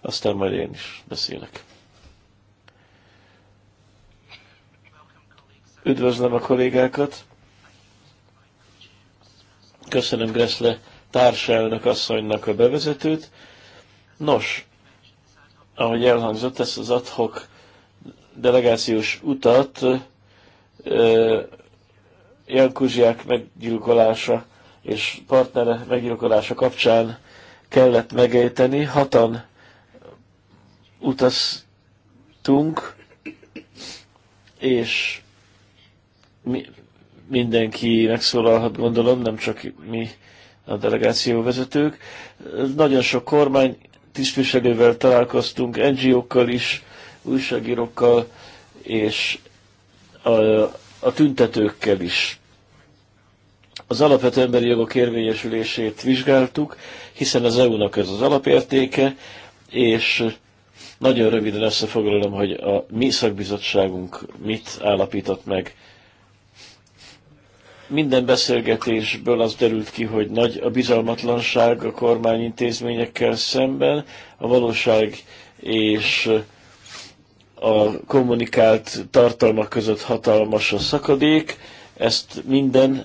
aztán majd én is beszélek. Üdvözlöm a kollégákat! Köszönöm Gressle társelnök asszonynak a bevezetőt. Nos, ahogy elhangzott, ezt az adhok delegációs utat Jan Kuzsiák meggyilkolása és partnere meggyilkolása kapcsán kellett megejteni. Hatan utaztunk, és mi, mindenki megszólalhat, gondolom, nem csak mi a delegáció vezetők. Nagyon sok kormány tisztviselővel találkoztunk, NGO-kkal is, újságírókkal, és a, a tüntetőkkel is. Az alapvető emberi jogok érvényesülését vizsgáltuk, hiszen az EU-nak ez az alapértéke, és nagyon röviden összefoglalom, hogy a mi szakbizottságunk mit állapított meg. Minden beszélgetésből az derült ki, hogy nagy a bizalmatlanság a kormányintézményekkel szemben, a valóság és a kommunikált tartalmak között hatalmas a szakadék, ezt minden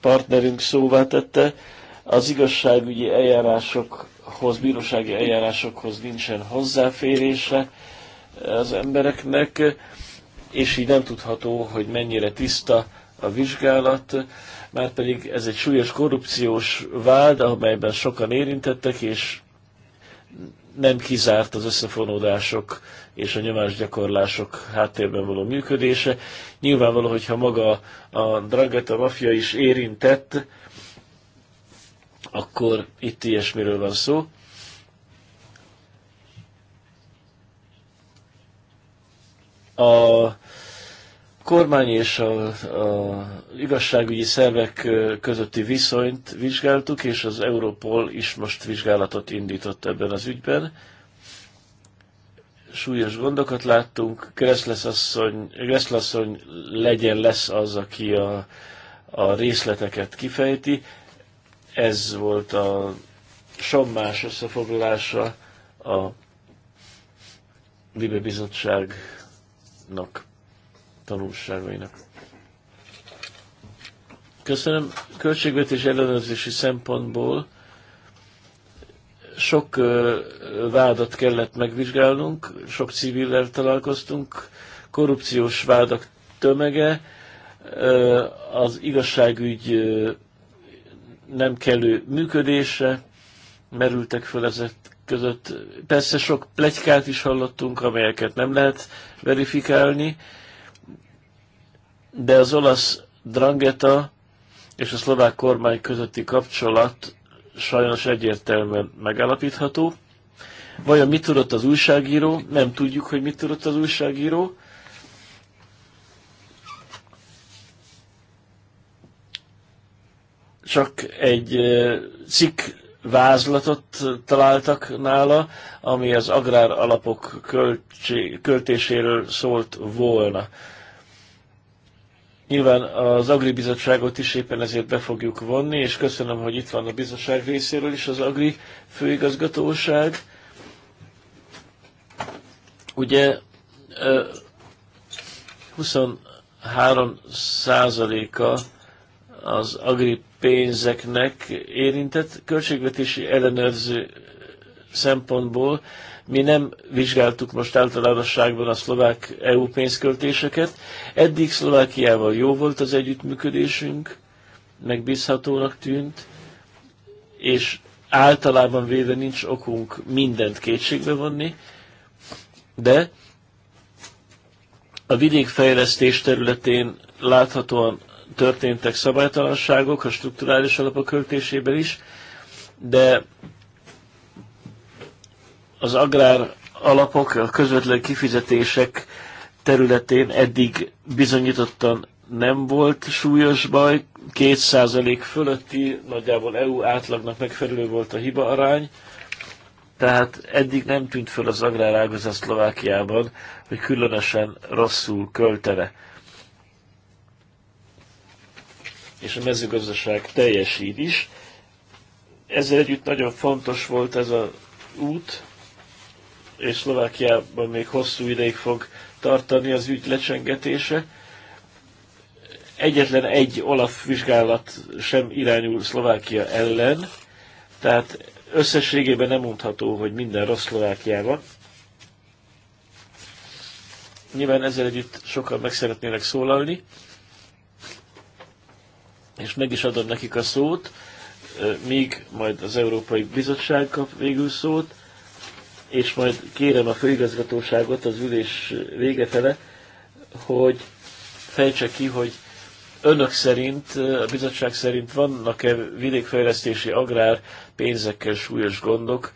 partnerünk szóvá tette. Az igazságügyi eljárások hoz, bírósági eljárásokhoz nincsen hozzáférése az embereknek, és így nem tudható, hogy mennyire tiszta a vizsgálat, már pedig ez egy súlyos korrupciós vád, amelyben sokan érintettek, és nem kizárt az összefonódások és a nyomásgyakorlások háttérben való működése. Nyilvánvaló, hogyha maga a Drangeta mafia is érintett, akkor itt ilyesmiről van szó. A kormány és a, igazságügyi szervek közötti viszonyt vizsgáltuk, és az Europol is most vizsgálatot indított ebben az ügyben. Súlyos gondokat láttunk. Kresszlasszony legyen lesz az, aki a, a részleteket kifejti. Ez volt a sommás összefoglalása a Libe Bizottságnak, tanulságainak. Köszönöm. Költségvetés ellenőrzési szempontból sok vádat kellett megvizsgálnunk, sok civillel találkoztunk, korrupciós vádak tömege, az igazságügy nem kellő működésre merültek föl ezek között. Persze sok plegykát is hallottunk, amelyeket nem lehet verifikálni, de az olasz drangeta és a szlovák kormány közötti kapcsolat sajnos egyértelműen megállapítható. Vajon mit tudott az újságíró? Nem tudjuk, hogy mit tudott az újságíró. csak egy cikk vázlatot találtak nála, ami az agrár alapok költség, költéséről szólt volna. Nyilván az Agri Bizottságot is éppen ezért be fogjuk vonni, és köszönöm, hogy itt van a bizottság részéről is az Agri főigazgatóság. Ugye 23 százaléka az Agri pénzeknek érintett költségvetési ellenőrző szempontból mi nem vizsgáltuk most általánosságban a szlovák EU pénzköltéseket. Eddig Szlovákiával jó volt az együttműködésünk, megbízhatónak tűnt, és általában véve nincs okunk mindent kétségbe vonni, de a vidékfejlesztés területén láthatóan történtek szabálytalanságok a strukturális alapok költésében is, de az agrár alapok, a közvetlen kifizetések területén eddig bizonyítottan nem volt súlyos baj, 2% fölötti, nagyjából EU átlagnak megfelelő volt a hiba arány, tehát eddig nem tűnt föl az agrárágazat Szlovákiában, hogy különösen rosszul költene és a mezőgazdaság teljesít is. Ezzel együtt nagyon fontos volt ez a út, és Szlovákiában még hosszú ideig fog tartani az ügy lecsengetése. Egyetlen egy Olaf vizsgálat sem irányul Szlovákia ellen, tehát összességében nem mondható, hogy minden rossz Szlovákiában. Nyilván ezzel együtt sokan meg szeretnének szólalni és meg is adom nekik a szót, még majd az Európai Bizottság kap végül szót, és majd kérem a főigazgatóságot az ülés vége fele, hogy fejtse ki, hogy önök szerint, a bizottság szerint vannak-e vidékfejlesztési agrár pénzekkel súlyos gondok?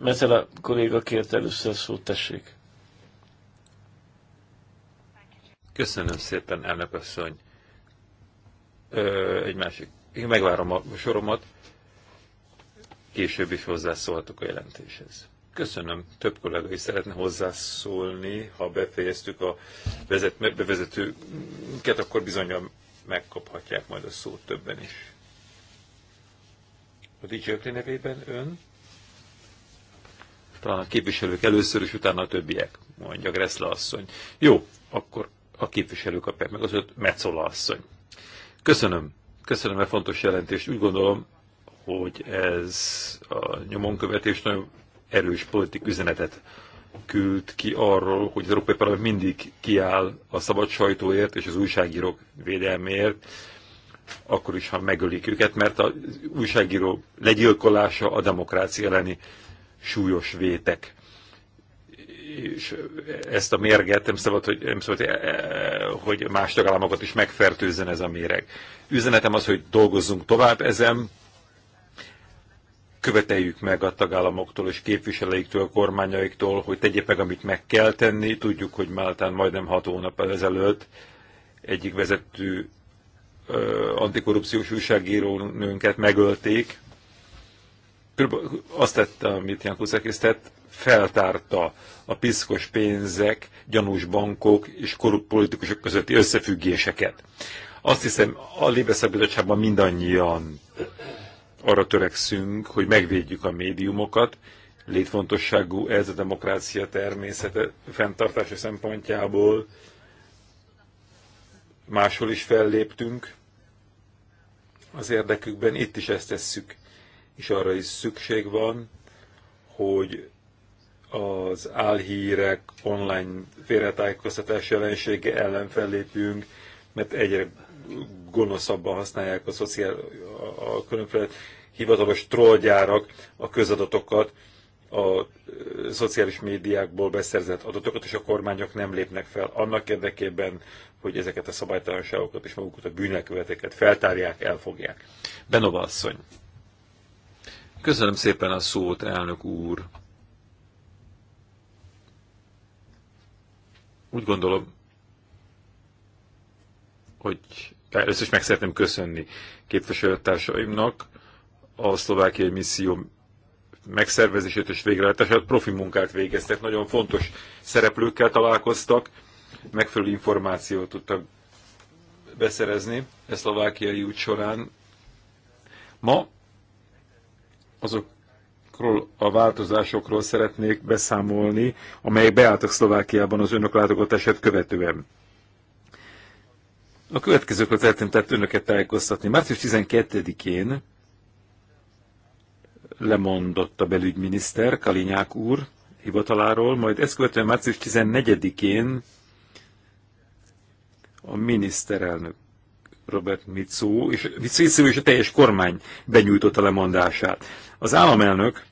Metel a kolléga kért először szót, tessék. Köszönöm szépen, elnök asszony egy másik. Én megvárom a soromat. Később is hozzászólhatok a jelentéshez. Köszönöm. Több kollega is szeretne hozzászólni. Ha befejeztük a vezet, bevezetőket, akkor bizonyal megkaphatják majd a szót többen is. A DJ Ökli nevében ön? Talán a képviselők először, és utána a többiek, mondja Greszla asszony. Jó, akkor a képviselők kapják meg az öt Metzola asszony. Köszönöm. Köszönöm a fontos jelentést. Úgy gondolom, hogy ez a nyomonkövetés nagyon erős politik üzenetet küld ki arról, hogy az Európai Parlament mindig kiáll a szabad sajtóért és az újságírók védelméért, akkor is, ha megölik őket, mert az újságíró legyilkolása a demokrácia elleni súlyos vétek és ezt a mérget nem szabad, hogy, nem szabad, eh, hogy más tagállamokat is megfertőzzen ez a méreg. Üzenetem az, hogy dolgozzunk tovább ezen, követeljük meg a tagállamoktól és képviselőiktől, a kormányaiktól, hogy tegyék meg, amit meg kell tenni. Tudjuk, hogy Máltán majdnem hat hónap ezelőtt egyik vezető antikorrupciós újságíró nőnket megölték. Körülbelül azt tette, amit Jankuszek is tett, feltárta a piszkos pénzek, gyanús bankok és korrupt politikusok közötti összefüggéseket. Azt hiszem, a Lébeszabizottságban mindannyian arra törekszünk, hogy megvédjük a médiumokat, létfontosságú ez a demokrácia természete fenntartása szempontjából. Máshol is felléptünk az érdekükben, itt is ezt tesszük, és arra is szükség van, hogy az álhírek, online félretájékoztatás jelensége ellen fellépjünk, mert egyre gonoszabban használják a, szociál, a, a különféle hivatalos trollgyárak a közadatokat, a szociális médiákból beszerzett adatokat, és a kormányok nem lépnek fel annak érdekében, hogy ezeket a szabálytalanságokat és magukat a bűnelköveteket feltárják, elfogják. Benova asszony. Köszönöm szépen a szót, elnök úr. Úgy gondolom, hogy először is meg szeretném köszönni képviselőtársaimnak a szlovákiai misszió megszervezését és végrehajtását. Profi munkát végeztek, nagyon fontos szereplőkkel találkoztak, megfelelő információt tudtak beszerezni a e szlovákiai út során. Ma azok azokról a változásokról szeretnék beszámolni, amelyek beálltak Szlovákiában az önök látogatását követően. A következőkről szeretném tehát önöket tájékoztatni. Március 12-én lemondott a belügyminiszter, Kalinyák úr hivataláról, majd ezt követően március 14-én a miniszterelnök Robert Mitsó és, és a teljes kormány benyújtotta lemondását. Az államelnök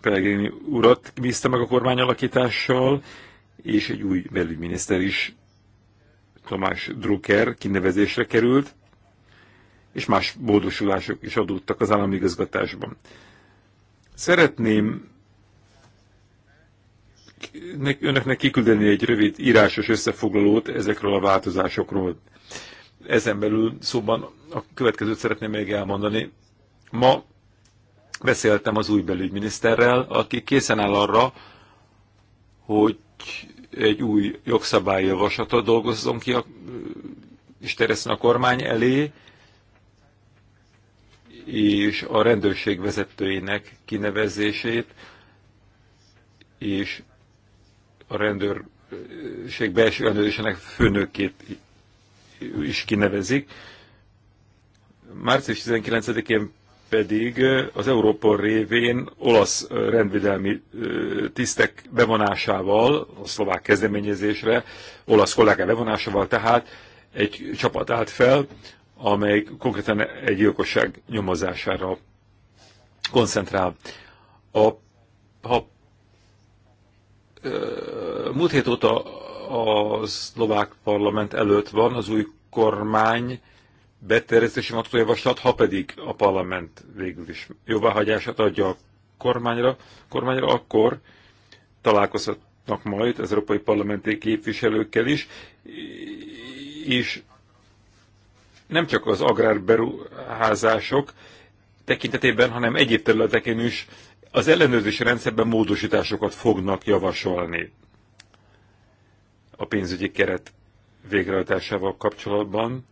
Pellegrini urat bízta meg a kormányalakítással, és egy új belügyminiszter is, Tomás Drucker kinevezésre került, és más bódosulások is adódtak az állami igazgatásban. Szeretném önöknek kiküldeni egy rövid írásos összefoglalót ezekről a változásokról. Ezen belül szóban a következőt szeretném még elmondani. Ma beszéltem az új belügyminiszterrel, aki készen áll arra, hogy egy új jogszabályjavaslatot dolgozzon ki, a, és tereszen a kormány elé, és a rendőrség vezetőjének kinevezését, és a rendőrség belső ellenőrzésének főnökét is kinevezik. Március 19-én pedig az Európa révén olasz rendvédelmi tisztek bevonásával, a szlovák kezdeményezésre, olasz kollégák bevonásával tehát egy csapat állt fel, amely konkrétan egy gyilkosság nyomozására koncentrál. A, ha, múlt hét óta a szlovák parlament előtt van, az új kormány beterjesztési vonatkozó javaslat, ha pedig a parlament végül is jóváhagyását adja a kormányra, kormányra akkor találkozhatnak majd az európai parlamenti képviselőkkel is, és nem csak az agrárberuházások tekintetében, hanem egyéb területeken is az ellenőrzési rendszerben módosításokat fognak javasolni a pénzügyi keret végrehajtásával kapcsolatban,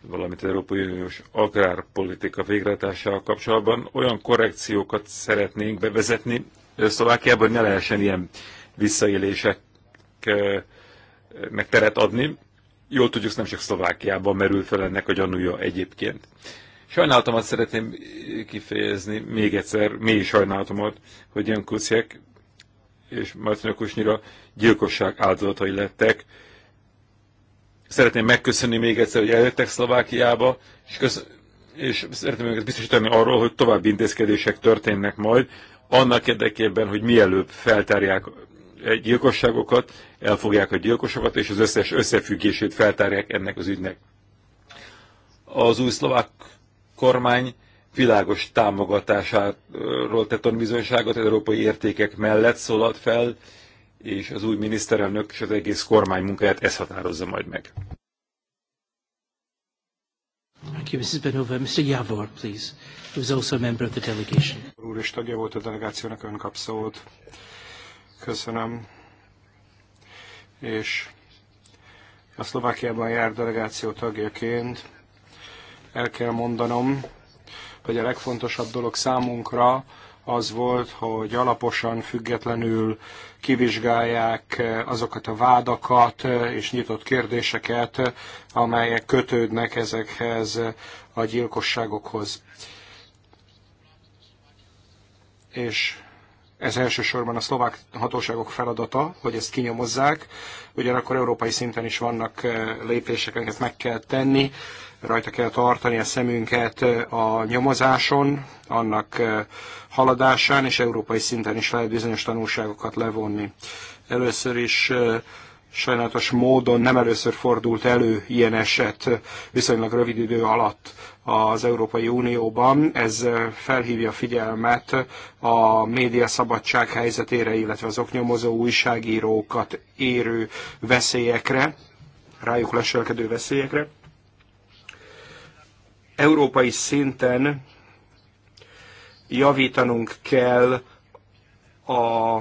valamint az Európai Uniós agrárpolitika végrehajtásával kapcsolatban olyan korrekciókat szeretnénk bevezetni Szlovákiában, hogy ne lehessen ilyen visszaéléseknek eh, teret adni. Jól tudjuk, nem csak Szlovákiában merül fel ennek a gyanúja egyébként. Sajnálatomat szeretném kifejezni, még egyszer, mély sajnálatomat, hogy ilyen Kuciek és Martina Kusnyira gyilkosság áldozatai lettek. Szeretném megköszönni még egyszer, hogy eljöttek Szlovákiába, és, köz- és szeretném őket biztosítani arról, hogy további intézkedések történnek majd, annak érdekében, hogy mielőbb feltárják gyilkosságokat, elfogják a gyilkosokat, és az összes összefüggését feltárják ennek az ügynek. Az új szlovák kormány világos támogatásáról tett bizonyságot, európai értékek mellett szólalt fel, és az új miniszterelnök és az egész kormány munkáját ez határozza majd meg. Thank you, Mrs. Benova. Mr. Javor, please, who is also a member of the delegation. Úr is tagja volt a delegációnak, ön kap szót. Köszönöm. És a Szlovákiában jár delegáció tagjaként el kell mondanom, hogy a legfontosabb dolog számunkra az volt, hogy alaposan, függetlenül kivizsgálják eh, azokat a vádakat eh, és nyitott kérdéseket, amelyek kötődnek ezekhez eh, a gyilkosságokhoz. És ez elsősorban a szlovák hatóságok feladata, hogy ezt kinyomozzák. Ugyanakkor európai szinten is vannak eh, lépések, amiket meg kell tenni. Rajta kell tartani a szemünket eh, a nyomozáson, annak eh, haladásán, és európai szinten is lehet bizonyos tanulságokat levonni. Először is Sajnálatos módon nem először fordult elő ilyen eset viszonylag rövid idő alatt az Európai Unióban. Ez eh, felhívja a figyelmet a média szabadság helyzetére, illetve az oknyomozó újságírókat érő veszélyekre, rájuk leselkedő veszélyekre. Európai szinten javítanunk kell a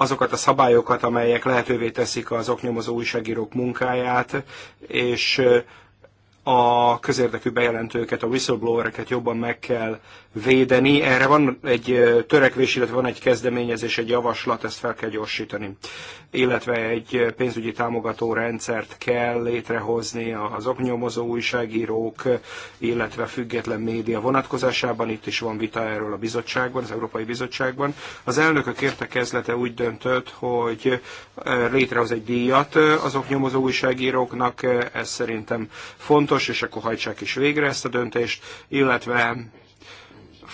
azokat a szabályokat, amelyek lehetővé teszik az oknyomozó újságírók munkáját, és a közérdekű bejelentőket, a whistleblowereket jobban meg kell védeni. Erre van egy törekvés, illetve van egy kezdeményezés, egy javaslat, ezt fel kell gyorsítani. Illetve egy pénzügyi támogató rendszert kell létrehozni az oknyomozó újságírók, illetve független média vonatkozásában. Itt is van vita erről a bizottságban, az Európai Bizottságban. Az elnökök értekezlete úgy döntött, hogy létrehoz egy díjat az oknyomozó újságíróknak. Ez szerintem fontos, és akkor hajtsák is végre ezt a döntést, illetve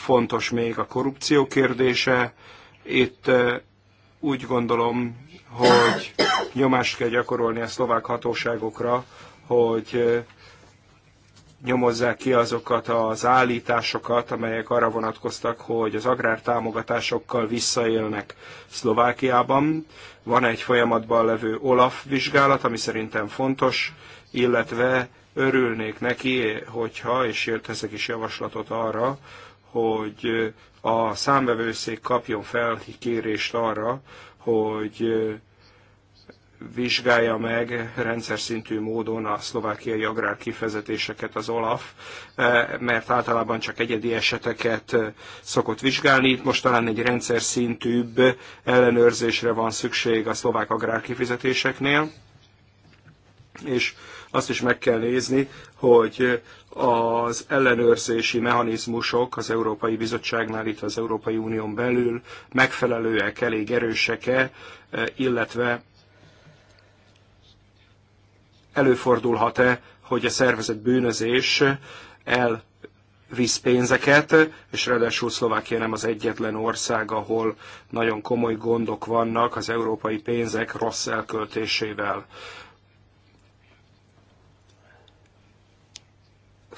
fontos még a korrupció kérdése. Itt úgy gondolom, hogy nyomást kell gyakorolni a szlovák hatóságokra, hogy nyomozzák ki azokat az állításokat, amelyek arra vonatkoztak, hogy az agrártámogatásokkal visszaélnek Szlovákiában. Van egy folyamatban levő OLAF vizsgálat, ami szerintem fontos, illetve örülnék neki, hogyha, és írt ezek is javaslatot arra, hogy a számbevőszék kapjon fel kérést arra, hogy vizsgálja meg rendszer szintű módon a szlovákiai agrár kifezetéseket az OLAF, eh, mert általában csak egyedi eseteket eh, szokott vizsgálni. Itt most talán egy rendszer szintűbb ellenőrzésre van szükség a szlovák agrár kifizetéseknél, és azt is meg kell nézni, hogy az ellenőrzési mechanizmusok az Európai Bizottságnál, itt az Európai Unión belül megfelelőek, elég erősek-e, illetve előfordulhat-e, hogy a szervezet bűnözés el visz pénzeket, és ráadásul Szlovákia nem az egyetlen ország, ahol nagyon komoly gondok vannak az európai pénzek rossz elköltésével.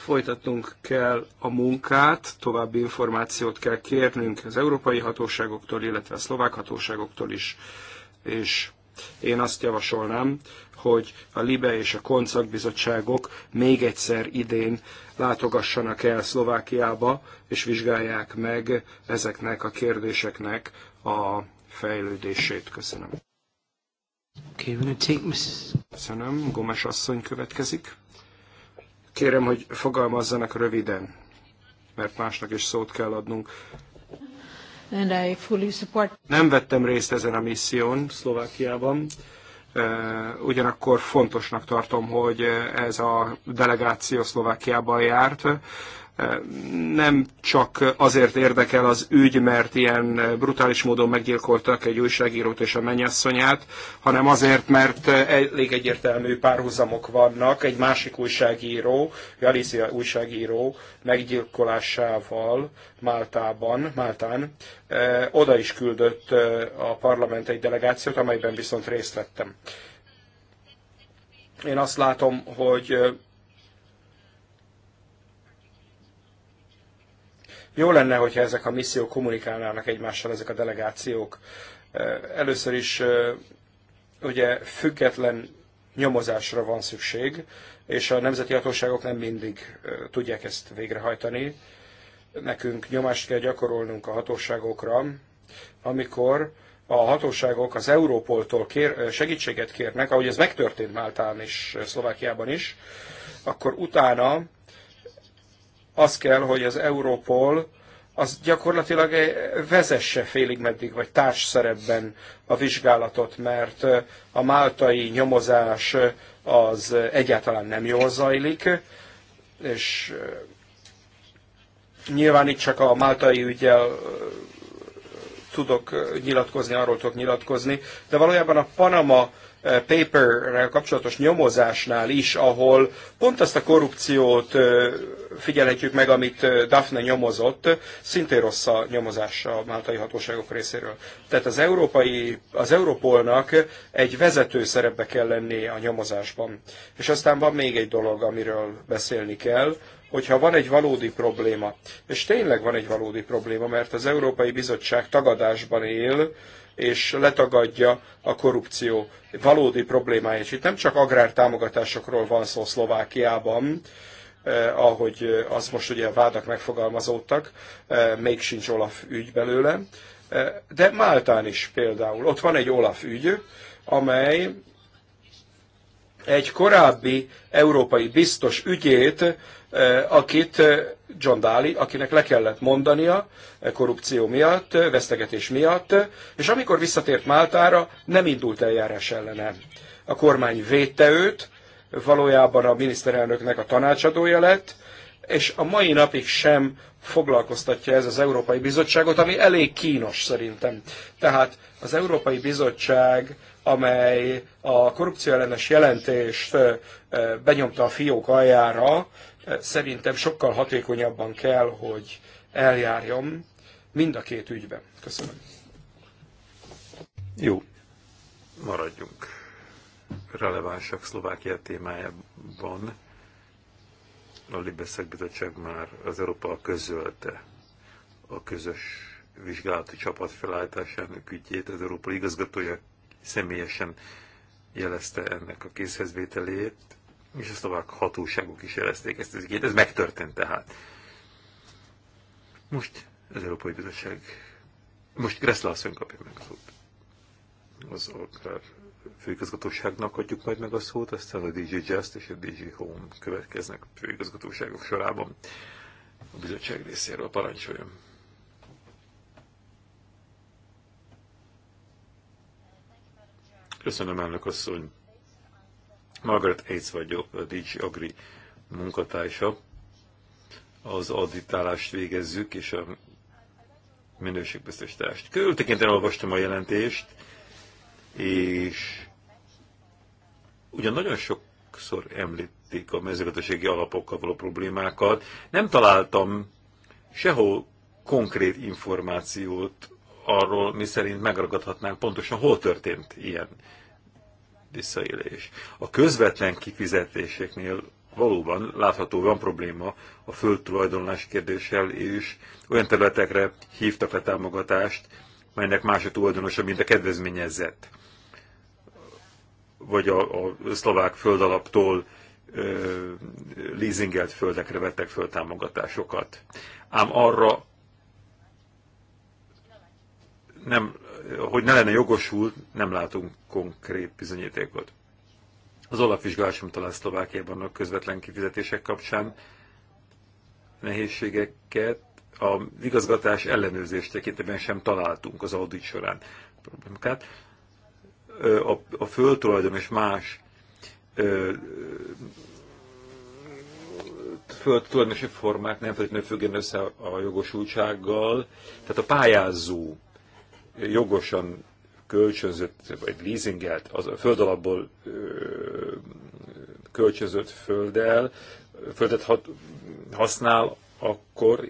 Folytatnunk kell a munkát, további információt kell kérnünk az európai hatóságoktól, illetve a szlovák hatóságoktól is, és én azt javasolnám, hogy a LIBE és a KONCAK bizottságok még egyszer idén látogassanak el Szlovákiába, és vizsgálják meg ezeknek a kérdéseknek a fejlődését. Köszönöm. Okay, take Köszönöm. Gomes asszony következik. Kérem, hogy fogalmazzanak röviden, mert másnak is szót kell adnunk. Nem vettem részt ezen a misszión Szlovákiában, ugyanakkor fontosnak tartom, hogy ez a delegáció Szlovákiában járt nem csak azért érdekel az ügy, mert ilyen brutális módon meggyilkoltak egy újságírót és a mennyasszonyát, hanem azért, mert elég egyértelmű párhuzamok vannak egy másik újságíró, Galicia újságíró meggyilkolásával Máltában, Máltán. Eh, oda is küldött eh, a parlament egy delegációt, amelyben viszont részt vettem. Én azt látom, hogy eh, Jó lenne, hogyha ezek a missziók kommunikálnának egymással, ezek a delegációk. Először is ugye független nyomozásra van szükség, és a nemzeti hatóságok nem mindig tudják ezt végrehajtani. Nekünk nyomást kell gyakorolnunk a hatóságokra, amikor a hatóságok az Európoltól kér, segítséget kérnek, ahogy ez megtörtént Máltán és Szlovákiában is, akkor utána az kell, hogy az Európol az gyakorlatilag vezesse félig meddig, vagy társszerepben a vizsgálatot, mert a máltai nyomozás az egyáltalán nem jól zajlik, és nyilván itt csak a máltai ügyel tudok nyilatkozni, arról tudok nyilatkozni, de valójában a Panama paperrel kapcsolatos nyomozásnál is, ahol pont azt a korrupciót figyelhetjük meg, amit Daphne nyomozott, szintén rossz a nyomozás a máltai hatóságok részéről. Tehát az, európai, az Europolnak egy vezető szerepbe kell lennie a nyomozásban. És aztán van még egy dolog, amiről beszélni kell, hogyha van egy valódi probléma, és tényleg van egy valódi probléma, mert az Európai Bizottság tagadásban él, és letagadja a korrupció valódi problémáját. És itt nem csak agrártámogatásokról van szó Szlovákiában, eh, ahogy eh, az most ugye a vádak megfogalmazódtak, eh, még sincs Olaf ügy belőle, eh, de Máltán is például. Ott van egy Olaf ügy, amely egy korábbi európai biztos ügyét Eh, akit eh, John Daly, akinek le kellett mondania eh, korrupció miatt, vesztegetés miatt, és amikor visszatért Máltára, nem indult eljárás ellene. A kormány védte őt, valójában a miniszterelnöknek a tanácsadója lett, és a mai napig sem foglalkoztatja ez az Európai Bizottságot, ami elég kínos szerintem. Tehát az Európai Bizottság, amely a korrupció ellenes jelentést benyomta a fiók aljára, szerintem sokkal hatékonyabban kell, hogy eljárjam mind a két ügyben. Köszönöm. Jó, maradjunk relevánsak Szlovákia témájában. A Libeszek Bizottság már az Európa közölte a közös vizsgálati csapat felállításának ügyét. Az Európa igazgatója személyesen jelezte ennek a készhezvételét, és a szlovák hatóságok is jelezték ezt az igényt. Ez megtörtént tehát. Most az Európai Bizottság, most Gressler asszony kapja meg a szót. Az agrár főigazgatóságnak adjuk majd meg a szót, aztán a DJ Just és a DJ Home következnek a főigazgatóságok sorában a bizottság részéről. Parancsoljon! Köszönöm, elnök asszony! Margaret Ace vagyok, a DG Agri munkatársa. Az auditálást végezzük, és a minőségbiztosítást. Körültekintően olvastam a jelentést, és ugyan nagyon sokszor említik a mezőgazdasági alapokkal való problémákat, nem találtam sehol konkrét információt arról, miszerint megragadhatnánk pontosan, hol történt ilyen visszaélés. A közvetlen kifizetéseknél valóban látható van probléma a földtulajdonlás kérdéssel, és olyan területekre hívtak le támogatást, melynek más a tulajdonosa, mint a kedvezményezett. Vagy a, a szlovák földalaptól ö, leasingelt földekre vettek föl támogatásokat. Ám arra nem hogy ne lenne jogosult, nem látunk konkrét bizonyítékot. Az alapvizsgálás, sem talán Szlovákiában a közvetlen kifizetések kapcsán nehézségeket a igazgatás ellenőrzés tekintetében sem találtunk az audit során A, a földtulajdon és más földtulajdonosi formák nem feltétlenül függen össze a jogosultsággal, tehát a pályázó jogosan kölcsönzött, vagy leasingelt, az a alapból kölcsönzött földdel, földet hat, használ, akkor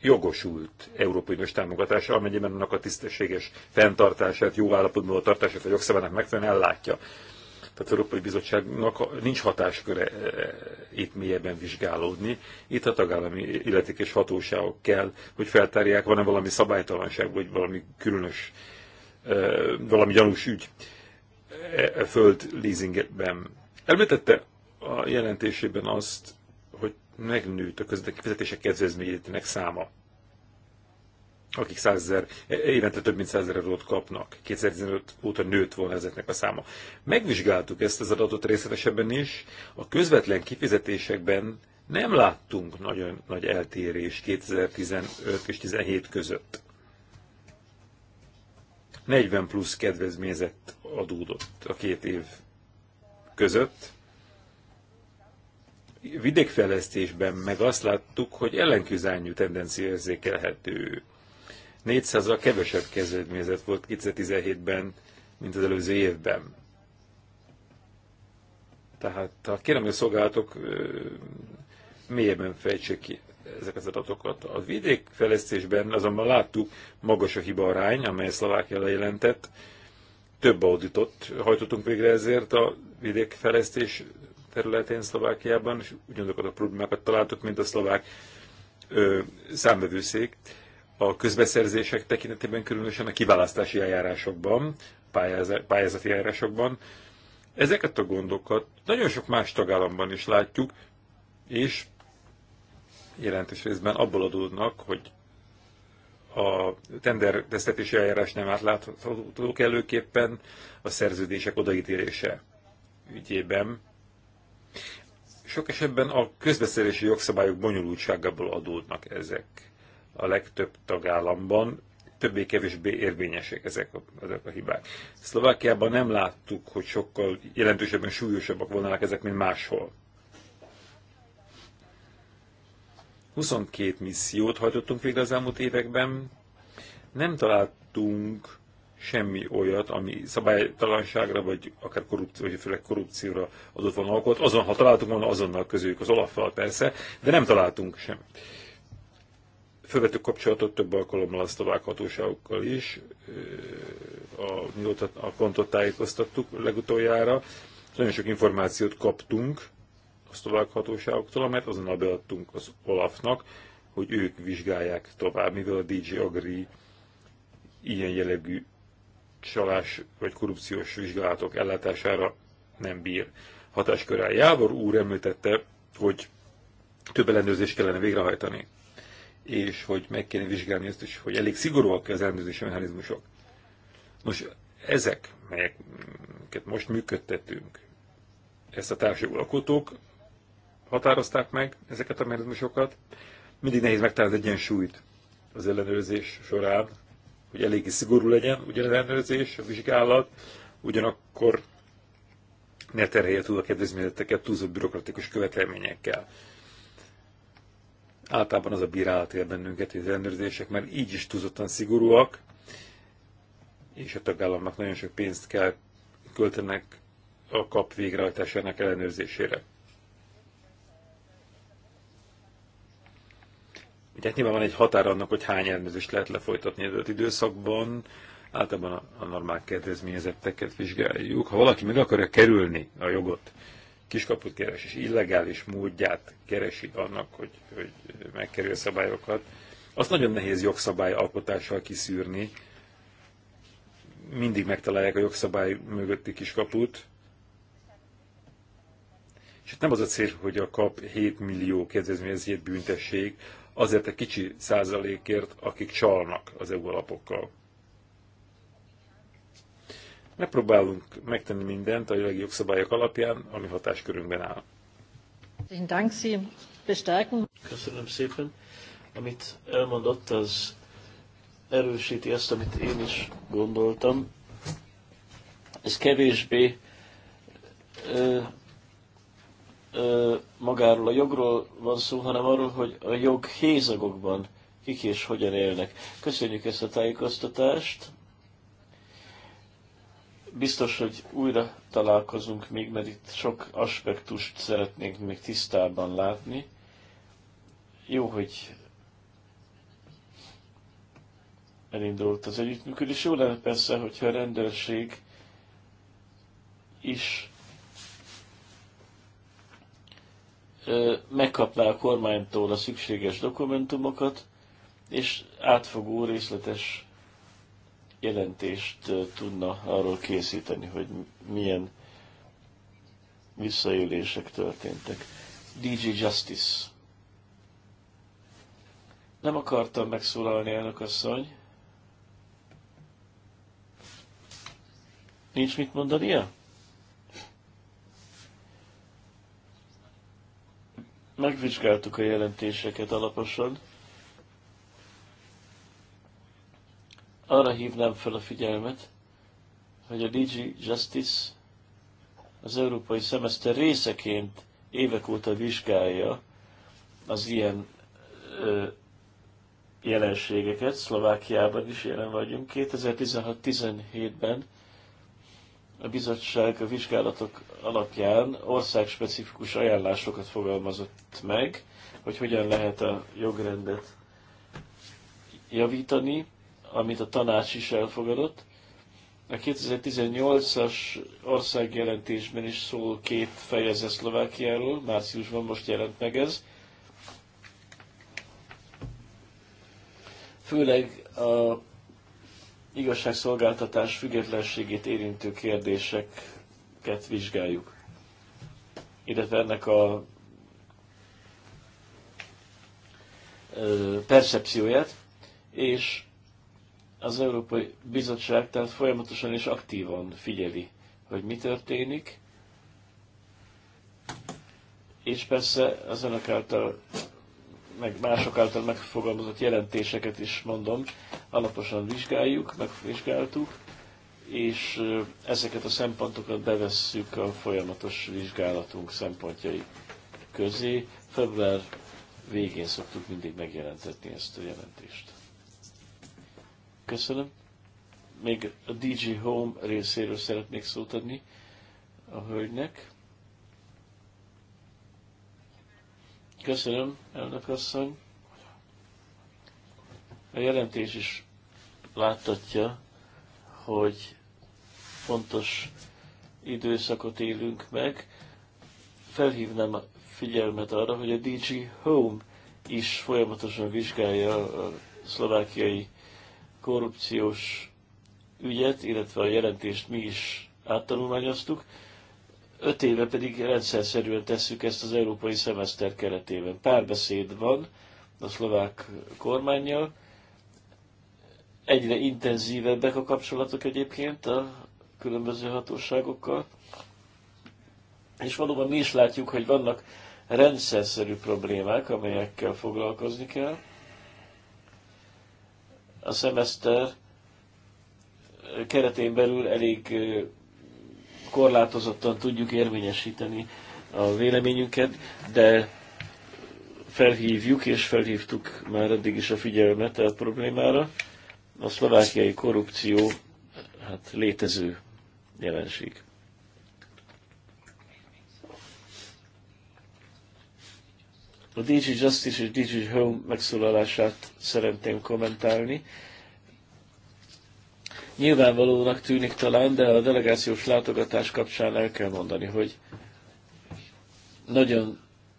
jogosult Európai Uniós támogatása, amennyiben annak a tisztességes fenntartását, jó állapotban a tartását, vagy jogszabának megfelelően ellátja. Tehát az Európai Bizottságnak nincs hatásköre eh, itt mélyebben vizsgálódni. Itt a tagállami illetékes hatóságok kell, hogy feltárják, van-e valami szabálytalanság, vagy valami különös, eh, valami gyanús ügy a e, e föld leasingben. Említette a jelentésében azt, hogy megnőtt a közlekedési fizetések kedvezményének száma akik 100 000, évente több mint 100 ezer adót kapnak. 2015 óta nőtt volna ezeknek a száma. Megvizsgáltuk ezt az adatot részletesebben is. A közvetlen kifizetésekben nem láttunk nagyon nagy eltérés 2015 és 2017 között. 40 plusz kedvezményezett adódott a két év között. Vidékfejlesztésben meg azt láttuk, hogy ellenkizányú tendencia érzékelhető. 400-zal kevesebb kezdeményezett volt 2017-ben, mint az előző évben. Tehát ha kérem, hogy a szolgálatok mélyebben fejtsék ki ezek az adatokat. A vidékfejlesztésben azonban láttuk magas a hiba arány, amely Szlovákia lejelentett. Több auditot hajtottunk végre ezért a vidékfejlesztés területén Szlovákiában, és ugyanazokat a problémákat találtuk, mint a szlovák ö, számvevőszék a közbeszerzések tekintetében, különösen a kiválasztási eljárásokban, pályázati eljárásokban. Ezeket a gondokat nagyon sok más tagállamban is látjuk, és jelentős részben abból adódnak, hogy a tendertesztetési eljárás nem átlátható előképpen a szerződések odaítélése ügyében. Sok esetben a közbeszerési jogszabályok bonyolultságából adódnak ezek a legtöbb tagállamban többé-kevésbé érvényesek ezek a, ezek a hibák. Szlovákiában nem láttuk, hogy sokkal jelentősebben súlyosabbak volnának ezek, mint máshol. 22 missziót hajtottunk végre az elmúlt években. Nem találtunk semmi olyat, ami szabálytalanságra, vagy akár korrupció, vagy főleg korrupcióra adott volna okot. Azon, ha találtunk volna, azonnal közüljük az olaf persze, de nem találtunk semmit. Fölvettük kapcsolatot több alkalommal a szlovák hatóságokkal is, a, mióta a kontot tájékoztattuk legutoljára. Nagyon sok információt kaptunk a szlovák hatóságoktól, amelyet azonnal beadtunk az Olafnak, hogy ők vizsgálják tovább, mivel a DJ Agri ilyen jellegű csalás vagy korrupciós vizsgálatok ellátására nem bír hatáskörrel. Jávor úr említette, hogy több ellenőrzést kellene végrehajtani és hogy meg kéne vizsgálni azt is, hogy elég szigorúak az ellenőrzési mechanizmusok. Most ezek, melyeket most működtetünk, ezt a társadalmi alkotók határozták meg ezeket a mechanizmusokat. Mindig nehéz megtalálni az egyensúlyt az ellenőrzés során, hogy eléggé szigorú legyen ugyan az ellenőrzés, a vizsgálat, ugyanakkor ne terhelje túl a kedvezményezeteket túlzott bürokratikus követelményekkel általában az a bírálat ér bennünket, hogy az ellenőrzések már így is túlzottan szigorúak, és a tagállamnak nagyon sok pénzt kell költenek a kap végrehajtásának ellenőrzésére. Tehát nyilván van egy határ annak, hogy hány ellenőrzést lehet lefolytatni az időszakban, általában a normál kedvezményezetteket vizsgáljuk. Ha valaki meg akarja kerülni a jogot, kiskaput keres, és illegális módját keresi annak, hogy, hogy megkerül szabályokat, azt nagyon nehéz jogszabály alkotással kiszűrni. Mindig megtalálják a jogszabály mögötti kiskaput. És itt hát nem az a cél, hogy a kap 7 millió kedvezményezét büntesség, azért a kicsi százalékért, akik csalnak az EU alapokkal. Megpróbálunk megtenni mindent a jogi jogszabályok alapján, ami hatáskörünkben áll. Köszönöm szépen. Amit elmondott, az erősíti azt, amit én is gondoltam. Ez kevésbé ö, ö, magáról a jogról van szó, hanem arról, hogy a jog hézagokban kik és hogyan élnek. Köszönjük ezt a tájékoztatást. Biztos, hogy újra találkozunk még, mert itt sok aspektust szeretnénk még tisztában látni. Jó, hogy elindult az együttműködés. Jó lenne persze, hogyha a rendőrség is megkapná a kormánytól a szükséges dokumentumokat, és átfogó részletes jelentést tudna arról készíteni, hogy milyen visszaélések történtek. DJ Justice. Nem akartam megszólalni, elnök asszony. Nincs mit mondania? Megvizsgáltuk a jelentéseket alaposan. arra hívnám fel a figyelmet, hogy a DG Justice az európai szemeszter részeként évek óta vizsgálja az ilyen ö, jelenségeket. Szlovákiában is jelen vagyunk. 2016-17-ben a bizottság a vizsgálatok alapján országspecifikus ajánlásokat fogalmazott meg, hogy hogyan lehet a jogrendet javítani, amit a tanács is elfogadott. A 2018-as országjelentésben is szól két fejezet Szlovákiáról, márciusban most jelent meg ez. Főleg a igazságszolgáltatás függetlenségét érintő kérdéseket vizsgáljuk. Illetve ennek a percepcióját, és az Európai Bizottság tehát folyamatosan és aktívan figyeli, hogy mi történik, és persze az önök által, meg mások által megfogalmazott jelentéseket is mondom, alaposan vizsgáljuk, megvizsgáltuk, és ezeket a szempontokat bevesszük a folyamatos vizsgálatunk szempontjai közé. Február végén szoktuk mindig megjelentetni ezt a jelentést. Köszönöm. Még a DJ Home részéről szeretnék szót adni a hölgynek. Köszönöm, elnök asszony. A jelentés is láttatja, hogy fontos időszakot élünk meg. Felhívnám a figyelmet arra, hogy a DG Home is folyamatosan vizsgálja a szlovákiai korrupciós ügyet, illetve a jelentést mi is áttanulmányoztuk, öt éve pedig szerűen tesszük ezt az európai szemeszter keretében. Párbeszéd van a szlovák kormányjal, egyre intenzívebbek a kapcsolatok egyébként a különböző hatóságokkal, és valóban mi is látjuk, hogy vannak rendszerszerű problémák, amelyekkel foglalkozni kell, a szemeszter keretén belül elég korlátozottan tudjuk érvényesíteni a véleményünket, de felhívjuk és felhívtuk már eddig is a figyelmet a problémára. A szlovákiai korrupció hát létező jelenség. A DG Justice és DG Home megszólalását szeretném kommentálni. Nyilvánvalónak tűnik talán, de a delegációs látogatás kapcsán el kell mondani, hogy nagyon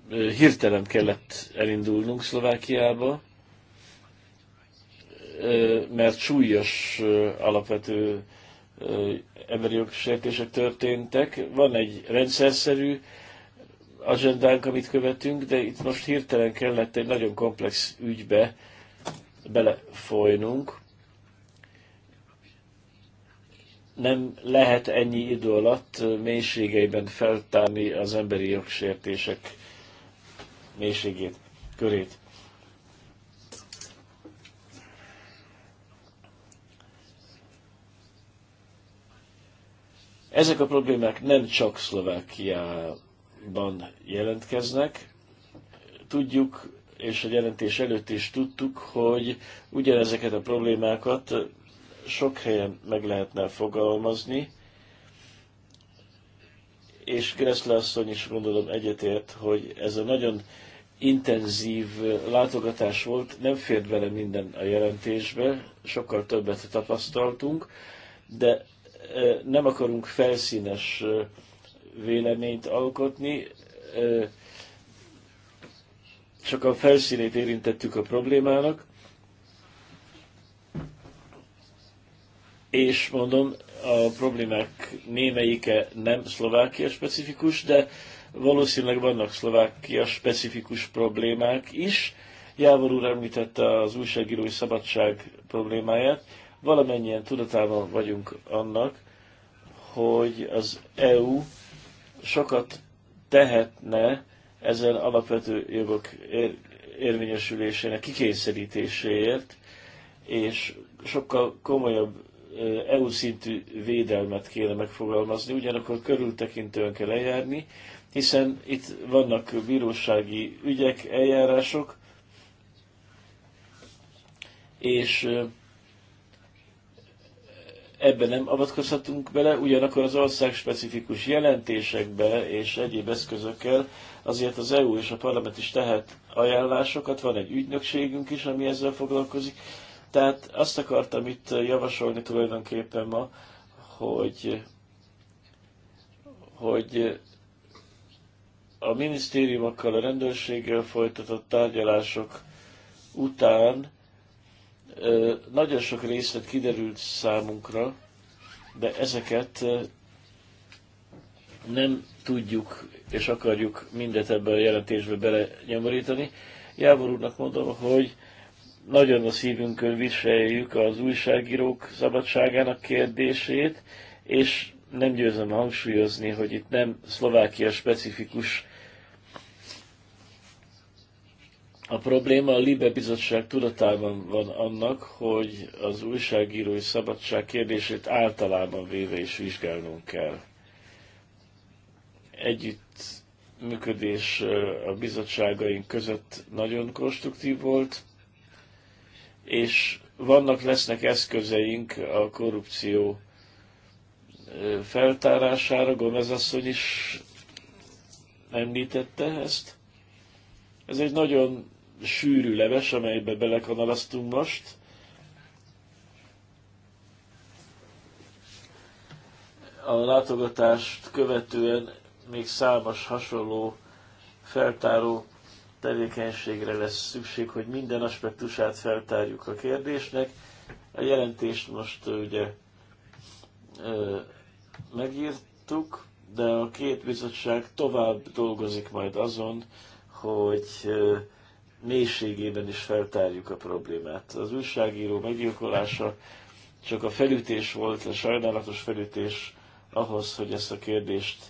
hirtelen kellett elindulnunk Szlovákiába, mert súlyos alapvető emberi jogsértések történtek. Van egy rendszerszerű agendánk, amit követünk, de itt most hirtelen kellett egy nagyon komplex ügybe belefolynunk. Nem lehet ennyi idő alatt mélységeiben feltárni az emberi jogsértések mélységét, körét. Ezek a problémák nem csak Szlovákiában ban jelentkeznek. Tudjuk, és a jelentés előtt is tudtuk, hogy ugyanezeket a problémákat sok helyen meg lehetne fogalmazni, és Gressler asszony is gondolom egyetért, hogy ez a nagyon intenzív látogatás volt, nem fért bele minden a jelentésbe, sokkal többet tapasztaltunk, de nem akarunk felszínes véleményt alkotni. Csak a felszínét érintettük a problémának. És mondom, a problémák némelyike nem Szlovákia specifikus, de valószínűleg vannak Szlovákia specifikus problémák is. Jávor úr említette az újságírói szabadság problémáját. Valamennyien tudatában vagyunk annak, hogy az EU sokat tehetne ezen alapvető jogok ér, érvényesülésének kikényszerítéséért, és sokkal komolyabb EU szintű védelmet kéne megfogalmazni, ugyanakkor körültekintően kell eljárni, hiszen itt vannak bírósági ügyek, eljárások, és ebben nem avatkozhatunk bele, ugyanakkor az ország specifikus jelentésekbe és egyéb eszközökkel azért az EU és a parlament is tehet ajánlásokat, van egy ügynökségünk is, ami ezzel foglalkozik. Tehát azt akartam itt javasolni tulajdonképpen ma, hogy, hogy a minisztériumokkal, a rendőrséggel folytatott tárgyalások után nagyon sok részlet kiderült számunkra, de ezeket nem tudjuk és akarjuk mindet ebben a jelentésbe belenyomorítani. Jávor úrnak mondom, hogy nagyon a szívünkön viseljük az újságírók szabadságának kérdését, és nem győzem hangsúlyozni, hogy itt nem Szlovákia specifikus A probléma a Libe Bizottság tudatában van annak, hogy az újságírói szabadság kérdését általában véve is vizsgálnunk kell. Együtt működés a bizottságaink között nagyon konstruktív volt, és vannak, lesznek eszközeink a korrupció feltárására, Gomez asszony is említette ezt. Ez egy nagyon sűrű leves, amelybe belekanalasztunk most. A látogatást követően még számos hasonló feltáró tevékenységre lesz szükség, hogy minden aspektusát feltárjuk a kérdésnek. A jelentést most ugye ö, megírtuk, de a két bizottság tovább dolgozik majd azon, hogy ö, mélységében is feltárjuk a problémát. Az újságíró meggyilkolása csak a felütés volt, a sajnálatos felütés ahhoz, hogy ezt a kérdést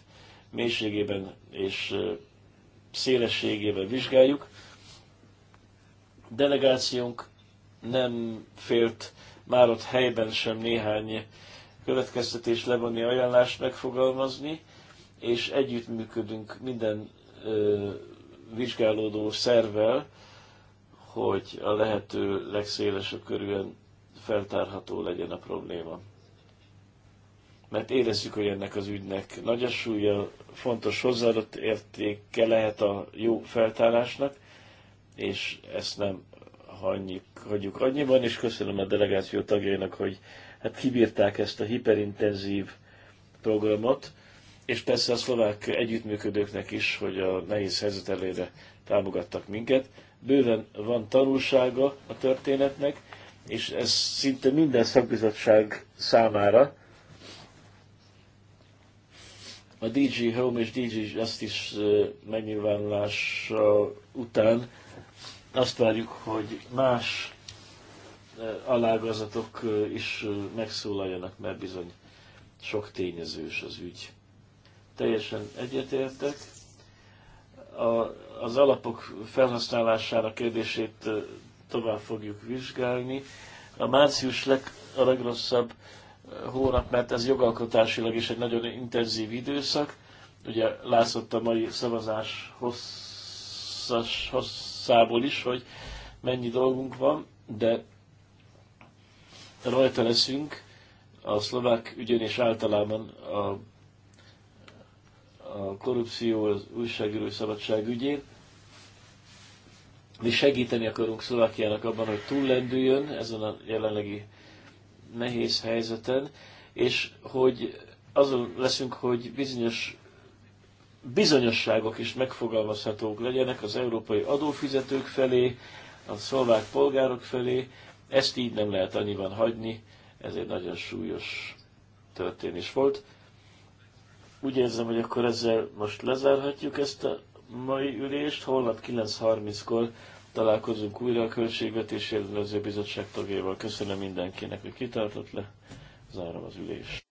mélységében és szélességében vizsgáljuk. Delegációnk nem félt már ott helyben sem néhány következtetés levonni, ajánlást megfogalmazni, és együttműködünk minden ö, vizsgálódó szervvel, hogy a lehető legszélesebb körülön feltárható legyen a probléma. Mert érezzük, hogy ennek az ügynek nagy a súlya, fontos hozzáadott értéke lehet a jó feltárásnak, és ezt nem hagyjuk, hagyjuk annyiban, és köszönöm a delegáció tagjainak, hogy hát kibírták ezt a hiperintenzív programot, és persze a szlovák együttműködőknek is, hogy a nehéz helyzet elére támogattak minket. Bőven van tanulsága a történetnek, és ez szinte minden szakbizottság számára. A DG Home és DG Justice megnyilvánulása után azt várjuk, hogy más alágazatok is megszólaljanak, mert bizony sok tényezős az ügy teljesen egyetértek. A, az alapok felhasználására kérdését tovább fogjuk vizsgálni. A március leg, a legrosszabb hónap, mert ez jogalkotásilag is egy nagyon intenzív időszak. Ugye látszott a mai szavazás hosszas, hosszából is, hogy mennyi dolgunk van, de rajta leszünk a szlovák ügyön és általában a a korrupció, az újságíró szabadság ügyén. Mi segíteni akarunk Szlovákiának abban, hogy túllendüljön ezen a jelenlegi nehéz helyzeten, és hogy azon leszünk, hogy bizonyos bizonyosságok is megfogalmazhatók legyenek az európai adófizetők felé, a szlovák polgárok felé. Ezt így nem lehet annyiban hagyni, ez egy nagyon súlyos történés volt. Úgy érzem, hogy akkor ezzel most lezárhatjuk ezt a mai ülést. Holnap 9.30-kor találkozunk újra a Költségvetési Ellenőrző Bizottság tagjával. Köszönöm mindenkinek, hogy kitartott le. Zárom az ülést.